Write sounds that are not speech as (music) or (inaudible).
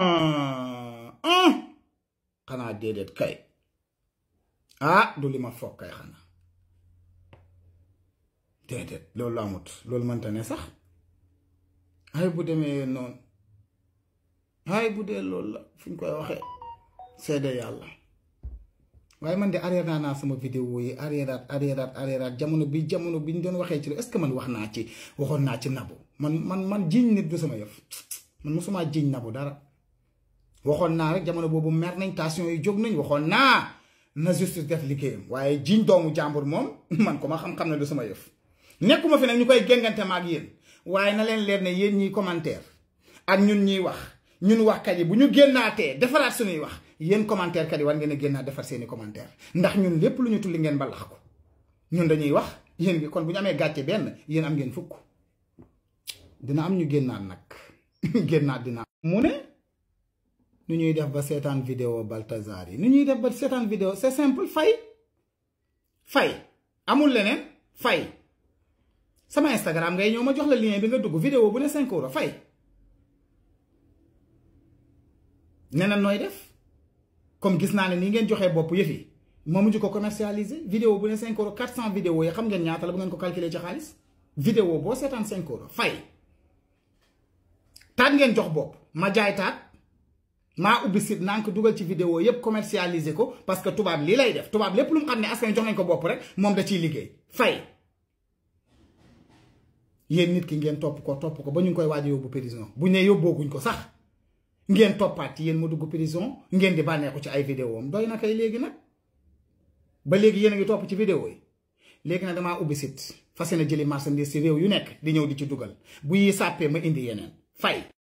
Hmm. kana dedet kay ah du li ma foog kay xanaa déedéet loolu amut lolou man tane ya, sax ay bu deme non ay bu de lolou la fu koy man de arrière naa sama vidéo yi arrière arrière arrière jamono bi jamono biñ doon waxe ci est-ce man wax ci waxon na ci nabu man man man jiiñ nit du sama yëf man musuma jiiñ nabu dara waxoon naa rek jamono boobu mer nañ tension yi jóg nañ waxoon naa na justice def liggéeyam waaye jiñ doomu jàmbur moom (laughs) man ko ma xam-xam ne lu sama yëf nekkuma fi nag ñu koy géngante ma ak yéen waaye na leen leer ne yéen ñiy commentaire ak ñun ñuy wax ñun waxkat yi bu ñu génnaatee defaraat suñuy wax yéen commentaire kat yi war ngeen a génnaat defar seeni commentaire ndax ñun lépp lu ñu tulli ngeen ba lax ko ñun dañuy wax yéen gi kon bu ñu amee gàcce benn yéen am ngeen fukk dina am ñu génnaat nag (laughs) génnaat dina mu ne Nous ñuy def ba de vidéo baltazar yi avons ñuy def ba vidéo c'est simple fay fay amul fay sama Instagram ngay on jox la lien vidéo bu 5 euros fay nous def comme gis naa vu, ni ngeen vous avez commercialiser vidéo vous avez 5 euros 400 vidéo xam ngeen vidéo Vous 5 euros fay vous ma jaay Ma oubisit nan ki dougel ti videyo, yep komersyalize ko, paske toubab li la idef. Toubab li pou loun kade ne aske yon wi jongen ko bopore, mwem de chi ligye. Fay! Yen nit ki yon gen top kwa top kwa, ban yon kwa yon wadi yon bo pe rizon. Bounen yon bo goun ko, sak! Yon gen top pati, yon mwou dougo pe rizon, yon gen de ban ek wache ay videyo, mdoy nan kaye lege nan. Ba lege yon yon top ki videyo, lege nan de ma oubisit, fasyen e djeli masen de siri ou yon ek, di nyon di ti dougel.